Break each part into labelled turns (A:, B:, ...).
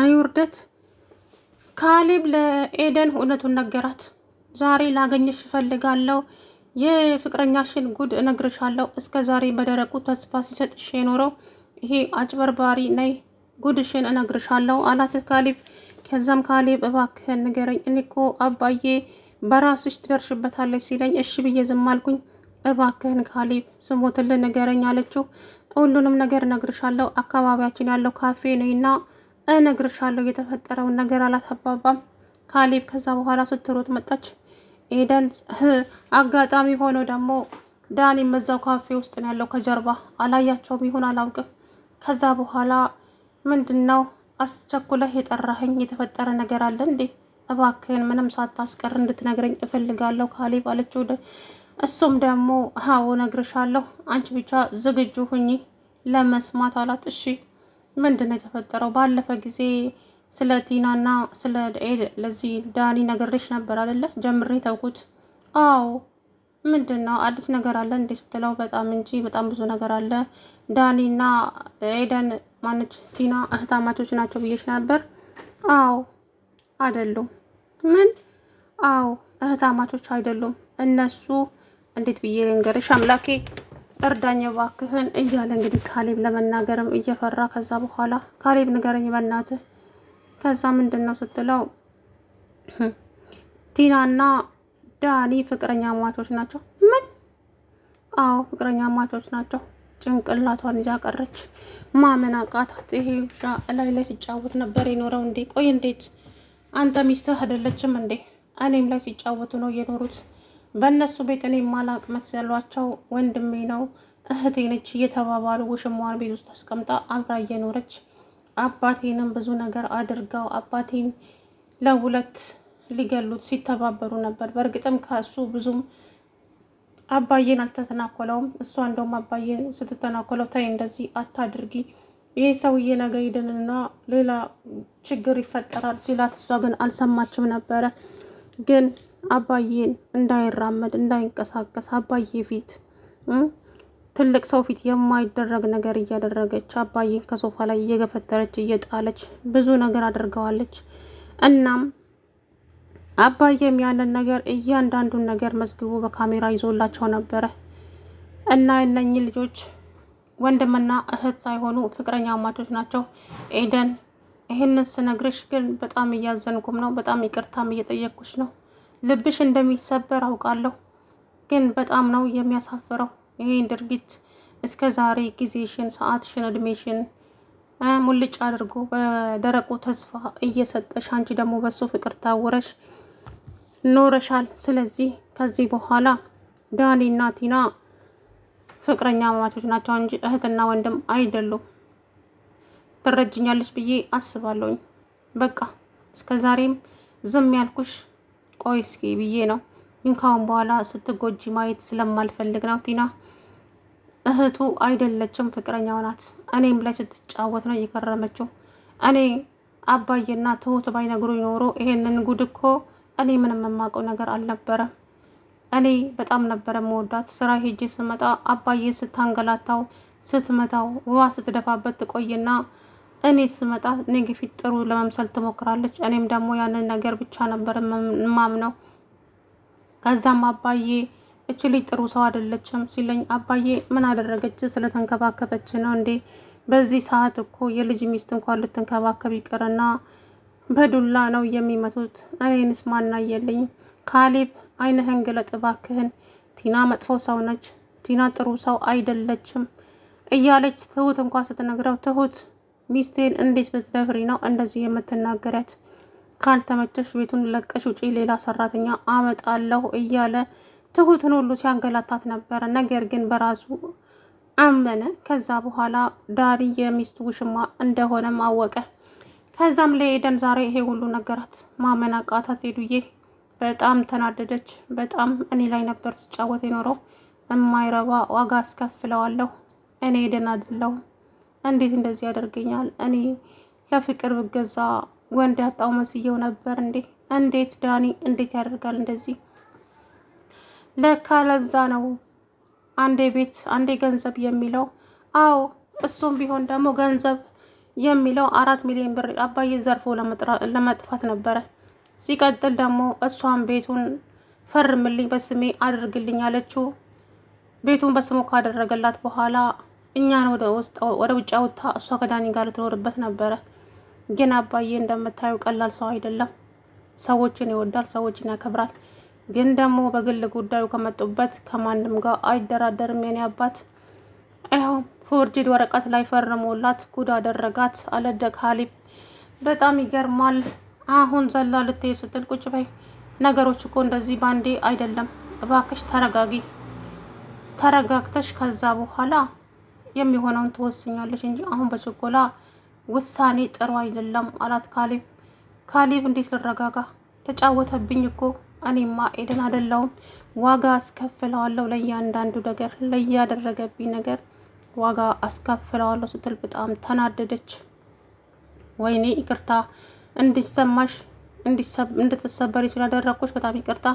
A: አይ ውርደት። ካሌብ ለኤደን እውነቱን ነገራት። ዛሬ ላገኘሽ እፈልጋለሁ፣ የፍቅረኛሽን ጉድ እነግርሻለሁ። እስከ ዛሬ በደረቁ ተስፋ ሲሰጥሽ የኖረው ይሄ አጭበርባሪ፣ ነይ ጉድሽን እነግርሻለሁ አላት ካሌብ። ከዛም ካሌብ እባክህን ንገረኝ፣ እኔ እኮ አባዬ በራስሽ ትደርሽበታለች ሲለኝ እሺ ብዬ ዝም አልኩኝ። እባክህን ካሌብ ስሞትልን ንገረኝ አለችው። ሁሉንም ነገር እነግርሻለሁ፣ አካባቢያችን ያለው ካፌ ነይና እነግርሻለሁ የተፈጠረውን ነገር አላታባባም ካሌብ። ከዛ በኋላ ስትሮጥ መጣች ኤደን። አጋጣሚ ሆኖ ደግሞ ዳኒም በዛው ካፌ ውስጥ ነው ያለው ከጀርባ አላያቸውም ይሁን አላውቅም። ከዛ በኋላ ምንድን ነው አስቸኩለህ የጠራኸኝ? የተፈጠረ ነገር አለ እንዴ? እባክህን ምንም ሳታስቀር እንድትነግረኝ እፈልጋለሁ ካሌብ አለችው። እሱም ደግሞ አዎ እነግርሻለሁ፣ አንቺ ብቻ ዝግጁ ሁኚ ለመስማት አላት። እሺ ምንድን ነው የተፈጠረው? ባለፈ ጊዜ ስለ ቲናና ስለ ለዚህ ዳኒ ነግሬሽ ነበር አይደለ? ጀምሬ ተውኩት። አዎ ምንድን ነው አዲስ ነገር አለ እንዴ ስትለው፣ በጣም እንጂ በጣም ብዙ ነገር አለ። ዳኒና ኤደን ማነች ቲና እህታማቾች ናቸው ብዬሽ ነበር። አዎ አይደሉም። ምን? አዎ እህታማቾች አይደሉም። እነሱ እንዴት ብዬ ልንገርሽ አምላኬ እርዳኝ ባክህን እያለ እንግዲህ ካሌብ ለመናገርም እየፈራ ከዛ በኋላ ካሌብ ንገረኝ በእናትህ ከዛ ምንድን ነው ስትለው ቲናና ዳኒ ፍቅረኛ ማቾች ናቸው ምን አዎ ፍቅረኛ ማቾች ናቸው ጭንቅላቷን ይዛ ቀረች ማመን አቃታት ይሄ ውሻ እላይ ላይ ሲጫወት ነበር የኖረው እንዴ ቆይ እንዴት አንተ ሚስትህ አይደለችም እንዴ እኔም ላይ ሲጫወቱ ነው የኖሩት በእነሱ ቤት እኔ ማላቅ መሰሏቸው ወንድሜ ነው እህቴ ነች እየተባባሉ ውሽሟን ቤት ውስጥ አስቀምጣ አብራ እየኖረች አባቴንም ብዙ ነገር አድርገው አባቴን ለሁለት ሊገሉት ሲተባበሩ ነበር። በእርግጥም ከእሱ ብዙም አባዬን አልተተናኮለውም። እሷ እንደውም አባዬን ስትተናኮለው ታይ እንደዚህ አታድርጊ ይህ ሰውዬ ነገ ይድንና ሌላ ችግር ይፈጠራል ሲላት፣ እሷ ግን አልሰማችም ነበረ ግን አባዬን እንዳይራመድ እንዳይንቀሳቀስ አባዬ ፊት ትልቅ ሰው ፊት የማይደረግ ነገር እያደረገች አባዬን ከሶፋ ላይ እየገፈተረች እየጣለች ብዙ ነገር አድርገዋለች። እናም አባዬም ያንን ነገር እያንዳንዱን ነገር መዝግቦ በካሜራ ይዞላቸው ነበረ እና እነኚህ ልጆች ወንድምና እህት ሳይሆኑ ፍቅረኛ አማቾች ናቸው። ኤደን፣ ይህንን ስነግርሽ ግን በጣም እያዘንኩም ነው። በጣም ይቅርታም እየጠየቅኩሽ ነው ልብሽ እንደሚሰበር አውቃለሁ፣ ግን በጣም ነው የሚያሳፍረው ይህን ድርጊት እስከ ዛሬ ጊዜሽን፣ ሰዓትሽን፣ እድሜሽን ሙልጭ አድርጎ በደረቁ ተስፋ እየሰጠሽ አንቺ ደግሞ በሱ ፍቅር ታውረሽ ኖረሻል። ስለዚህ ከዚህ በኋላ ዳኒና ቲና ፍቅረኛ ማማቾች ናቸው እንጂ እህትና ወንድም አይደሉም። ትረጅኛለች ብዬ አስባለሁኝ። በቃ እስከ ዛሬም ዝም ያልኩሽ ቆይ እስኪ ብዬ ነው። ግን ካሁን በኋላ ስትጎጂ ማየት ስለማልፈልግ ነው። ቲና እህቱ አይደለችም፣ ፍቅረኛው ናት። እኔም ላይ ስትጫወት ነው እየከረመችው። እኔ አባዬና ትሁት ባይነግሩኝ ኖሮ ይሄንን ጉድ እኮ እኔ ምንም የማውቀው ነገር አልነበረም። እኔ በጣም ነበረ መወዳት። ስራ ሄጄ ስመጣ አባዬ ስታንገላታው ስትመታው ውሃ ስትደፋበት ትቆይና እኔ ስመጣ እኔ ግፊት ጥሩ ለመምሰል ትሞክራለች። እኔም ደግሞ ያንን ነገር ብቻ ነበር ማምነው። ከዛም አባዬ እች ልጅ ጥሩ ሰው አይደለችም ሲለኝ አባዬ ምን አደረገች? ስለተንከባከበች ነው እንዴ? በዚህ ሰዓት እኮ የልጅ ሚስት እንኳን ልትንከባከብ ይቅርና በዱላ ነው የሚመቱት። እኔንስ ማና የለኝ። ካሌብ ዓይንህን ግለጥ እባክህን፣ ቲና መጥፎ ሰው ነች፣ ቲና ጥሩ ሰው አይደለችም እያለች ትሁት እንኳን ስትነግረው ትሁት ሚስቴን እንዴት ብትደፍሪ ነው እንደዚህ የምትናገሪያት? ካልተመቸሽ ቤቱን ለቀሽ ውጪ፣ ሌላ ሰራተኛ አመጣለሁ እያለ ትሁትን ሁሉ ሲያንገላታት ነበረ። ነገር ግን በራሱ አመነ። ከዛ በኋላ ዳሪ የሚስቱ ውሽማ እንደሆነም አወቀ። ከዛም ለኤደን ዛሬ ይሄ ሁሉ ነገራት። ማመን አቃታት። ሄዱዬ በጣም ተናደደች። በጣም እኔ ላይ ነበር ስጫወት የኖረው፣ የማይረባ ዋጋ አስከፍለዋለሁ። እኔ ኤደን አይደለሁም እንዴት እንደዚህ ያደርገኛል? እኔ ለፍቅር ብገዛ ወንድ ያጣው መስየው ነበር እንዴ! እንዴት ዳኒ እንዴት ያደርጋል እንደዚህ? ለካ ለዛ ነው አንዴ ቤት አንዴ ገንዘብ የሚለው። አዎ እሱም ቢሆን ደግሞ ገንዘብ የሚለው አራት ሚሊዮን ብር አባዬ ዘርፎ ለመጥፋት ነበረ። ሲቀጥል ደግሞ እሷም ቤቱን ፈርምልኝ በስሜ አድርግልኝ አለችው። ቤቱን በስሙ ካደረገላት በኋላ እኛን ወደ ውስጥ ወደ ውጭ አውጥታ እሷ ከዳኒ ጋር ትኖርበት ነበረ። ግን አባዬ እንደምታየው ቀላል ሰው አይደለም። ሰዎችን ይወዳል፣ ሰዎችን ያከብራል። ግን ደግሞ በግል ጉዳዩ ከመጡበት ከማንም ጋር አይደራደርም። የኔ አባት ይኸው ፎርጅድ ወረቀት ላይ ፈርሞላት ጉድ አደረጋት አለ ኻሊብ። በጣም ይገርማል። አሁን ዘላ ልትሄድ ስትል ቁጭ በይ፣ ነገሮች እኮ እንደዚህ ባንዴ አይደለም። እባክሽ ተረጋጊ። ተረጋግተሽ ከዛ በኋላ የሚሆነውን ትወስኛለች እንጂ አሁን በችኮላ ውሳኔ ጥሩ አይደለም አላት ካሊብ። ካሊብ እንዴት ልረጋጋ? ተጫወተብኝ እኮ እኔማ ኤደን አይደለሁም። ዋጋ አስከፍለዋለሁ ለእያንዳንዱ ነገር፣ ለእያደረገብኝ ነገር ዋጋ አስከፍለዋለሁ ስትል በጣም ተናደደች። ወይኔ ይቅርታ እንዲሰማሽ እንድትሰበሪ ስላደረግኩሽ በጣም ይቅርታ።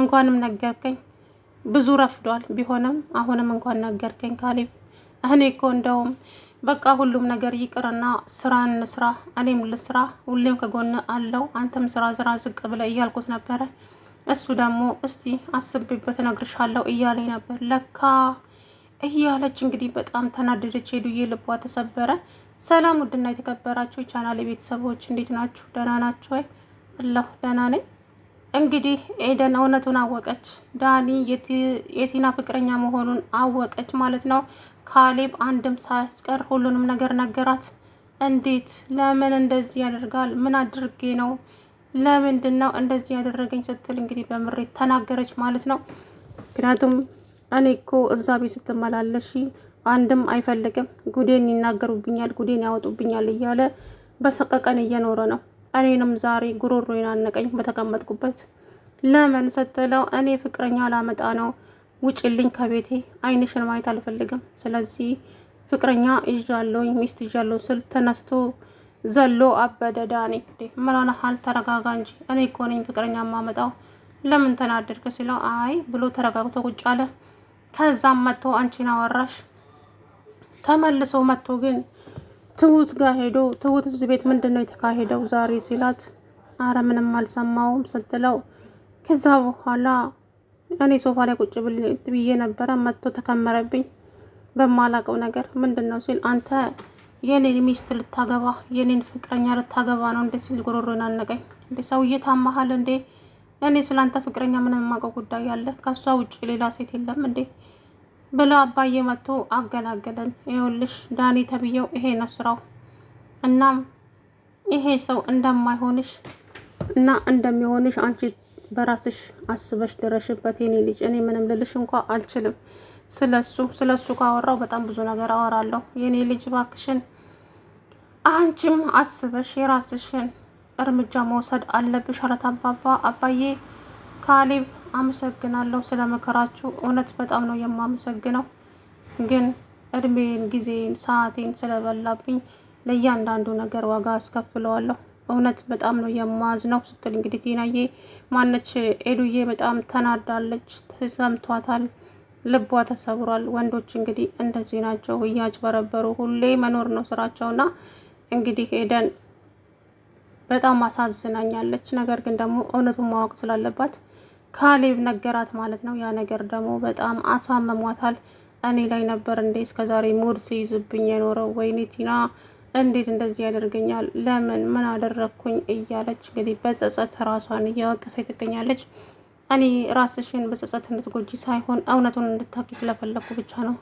A: እንኳንም ነገርከኝ ብዙ ረፍዷል። ቢሆንም አሁንም እንኳን ነገርከኝ ካሌብ። እኔ እኮ እንደውም በቃ ሁሉም ነገር ይቅርና ስራ እንስራ፣ እኔም ልስራ፣ ሁሌም ከጎን አለው፣ አንተም ስራ ስራ ዝቅ ብለ እያልኩት ነበረ። እሱ ደግሞ እስቲ አስቤበት እነግርሻለሁ እያለኝ ነበር ለካ እያለች እንግዲህ በጣም ተናደደች። ሄዱዬ ልቧ ተሰበረ። ሰላም ውድና የተከበራችሁ የቻናል ቤተሰቦች እንዴት ናችሁ? ደህና ናችሁ ወይ? አለሁ ደህና ነኝ። እንግዲህ ኤደን እውነቱን አወቀች። ዳኒ የቲና ፍቅረኛ መሆኑን አወቀች ማለት ነው። ካሌብ አንድም ሳያስቀር ሁሉንም ነገር ነገራት። እንዴት? ለምን እንደዚህ ያደርጋል? ምን አድርጌ ነው? ለምንድን ነው እንደዚህ ያደረገኝ? ስትል እንግዲህ በምሬት ተናገረች ማለት ነው። ምክንያቱም እኔ እኮ እዛ ቤት ስትመላለሽ አንድም አይፈልግም፣ ጉዴን ይናገሩብኛል፣ ጉዴን ያወጡብኛል እያለ በሰቀቀን እየኖረ ነው እኔንም ዛሬ ጉሮሮ ይናነቀኝ በተቀመጥኩበት። ለምን ስትለው እኔ ፍቅረኛ ላመጣ ነው፣ ውጭልኝ ከቤቴ አይንሽን ማየት አልፈልግም። ስለዚህ ፍቅረኛ እዣለውኝ ሚስት እዣለው ስል ተነስቶ ዘሎ አበደ ዳኔ። ምን ተረጋጋ እንጂ እኔ እኮ ነኝ ፍቅረኛ ማመጣው ለምን ተናደድክ? ሲለው አይ ብሎ ተረጋግቶ ቁጭ አለ። ከዛም መጥቶ አንቺን አወራሽ። ተመልሶ መጥቶ ግን ትሁት ጋር ሄዶ ትሁት እዚህ ቤት ምንድን ነው የተካሄደው ዛሬ ሲላት፣ አረ ምንም አልሰማውም ስትለው፣ ከዛ በኋላ እኔ ሶፋ ላይ ቁጭ ብዬ ነበረ መጥቶ ተከመረብኝ በማላቀው ነገር ምንድን ነው ሲል፣ አንተ የኔን ሚስት ልታገባ የኔን ፍቅረኛ ልታገባ ነው እንደ ሲል ጉሮሮ ናነቀኝ። እንደ ሰውዬ ታመሃል እንዴ? እኔ ስለ አንተ ፍቅረኛ ምንም የማውቀው ጉዳይ አለ? ከእሷ ውጭ ሌላ ሴት የለም እንዴ? ብሎ አባዬ መጥቶ አገላገለን። ይኸውልሽ ዳኒ ተብዬው ይሄ ነው ስራው። እናም ይሄ ሰው እንደማይሆንሽ እና እንደሚሆንሽ አንቺ በራስሽ አስበሽ ድረሽበት የኔ ልጅ። እኔ ምንም ልልሽ እንኳ አልችልም። ስለሱ ስለሱ ካወራው በጣም ብዙ ነገር አወራለሁ። የኔ ልጅ ባክሽን፣ አንቺም አስበሽ የራስሽን እርምጃ መውሰድ አለብሽ። ኧረ አባዬ ካሌብ አመሰግናለሁ ስለ መከራችሁ። እውነት በጣም ነው የማመሰግነው፣ ግን እድሜን፣ ጊዜን፣ ሰዓቴን ስለበላብኝ ለእያንዳንዱ ነገር ዋጋ አስከፍለዋለሁ። እውነት በጣም ነው የማዝነው ስትል እንግዲህ ቲናዬ ማነች ኤዱዬ በጣም ተናዳለች። ተሰምቷታል፣ ልቧ ተሰብሯል። ወንዶች እንግዲህ እንደዚህ ናቸው፣ እያጭበረበሩ ሁሌ መኖር ነው ስራቸውና እንግዲህ ሄደን በጣም አሳዝናኛለች። ነገር ግን ደግሞ እውነቱን ማወቅ ስላለባት ካሌብ ነገራት ማለት ነው። ያ ነገር ደግሞ በጣም አሳምሟታል። እኔ ላይ ነበር እንዴ እስከዛሬ ሙድ ሲይዝብኝ የኖረው? ወይኔ ቲና እንዴት እንደዚህ ያደርገኛል? ለምን ምን አደረግኩኝ? እያለች እንግዲህ በጸጸት ራሷን እያወቀሰች ትገኛለች። እኔ ራስሽን በጸጸት እንድትጎጂ ሳይሆን እውነቱን እንድታኪ ስለፈለግኩ ብቻ ነው።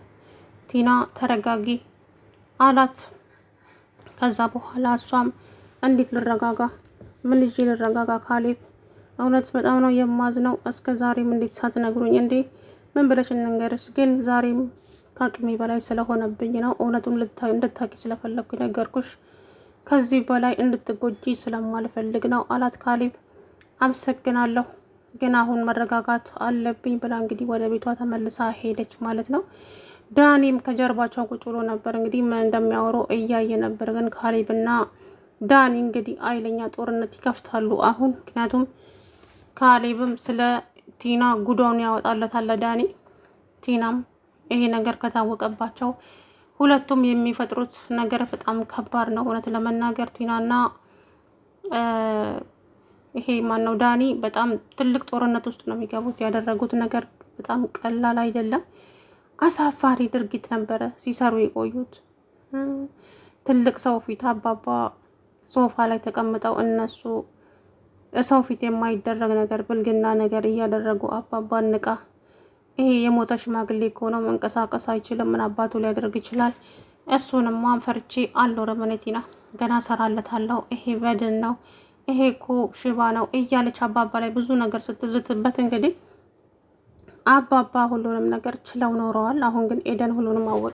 A: ቲና ተረጋጊ አላት። ከዛ በኋላ እሷም እንዴት ልረጋጋ? ምን ልጄ ልረጋጋ? ካሌብ እውነት በጣም ነው የማዝነው። እስከ ዛሬም እንዴት ሳትነግሩኝ እንዴ? ምን ብለሽ እንንገርሽ? ግን ዛሬም ከአቅሜ በላይ ስለሆነብኝ ነው። እውነቱን እንድታቂ ስለፈለግኩ ነገርኩሽ። ከዚህ በላይ እንድትጎጂ ስለማልፈልግ ነው አላት ካሊብ አመሰግናለሁ ግን አሁን መረጋጋት አለብኝ ብላ እንግዲህ ወደ ቤቷ ተመልሳ ሄደች ማለት ነው። ዳኒም ከጀርባቸው ቁጭ ብሎ ነበር እንግዲህ ምን እንደሚያወሩ እያየ ነበር። ግን ካሊብና ዳኒ እንግዲህ አይለኛ ጦርነት ይከፍታሉ አሁን ምክንያቱም ካሌብም ስለ ቲና ጉዳውን ያወጣለታል ለዳኒ። ቲናም ይሄ ነገር ከታወቀባቸው ሁለቱም የሚፈጥሩት ነገር በጣም ከባድ ነው። እውነት ለመናገር ቲናና ይሄ ነው ዳኒ በጣም ትልቅ ጦርነት ውስጥ ነው የሚገቡት። ያደረጉት ነገር በጣም ቀላል አይደለም። አሳፋሪ ድርጊት ነበረ ሲሰሩ የቆዩት። ትልቅ ሰው ፊት አባባ ሶፋ ላይ ተቀምጠው እነሱ ሰው ፊት የማይደረግ ነገር ብልግና ነገር እያደረጉ አባባ ንቃ። ይሄ የሞተ ሽማግሌ ከሆነው መንቀሳቀስ አይችልም። ምን አባቱ ሊያደርግ ይችላል? እሱንማ ፈርቼ አለው። ረመነቲና ገና ሰራለታለሁ። ይሄ በድን ነው፣ ይሄ እኮ ሽባ ነው እያለች አባባ ላይ ብዙ ነገር ስትዝትበት እንግዲህ አባባ ሁሉንም ነገር ችለው ኖረዋል። አሁን ግን ኤደን ሁሉንም አወቀ።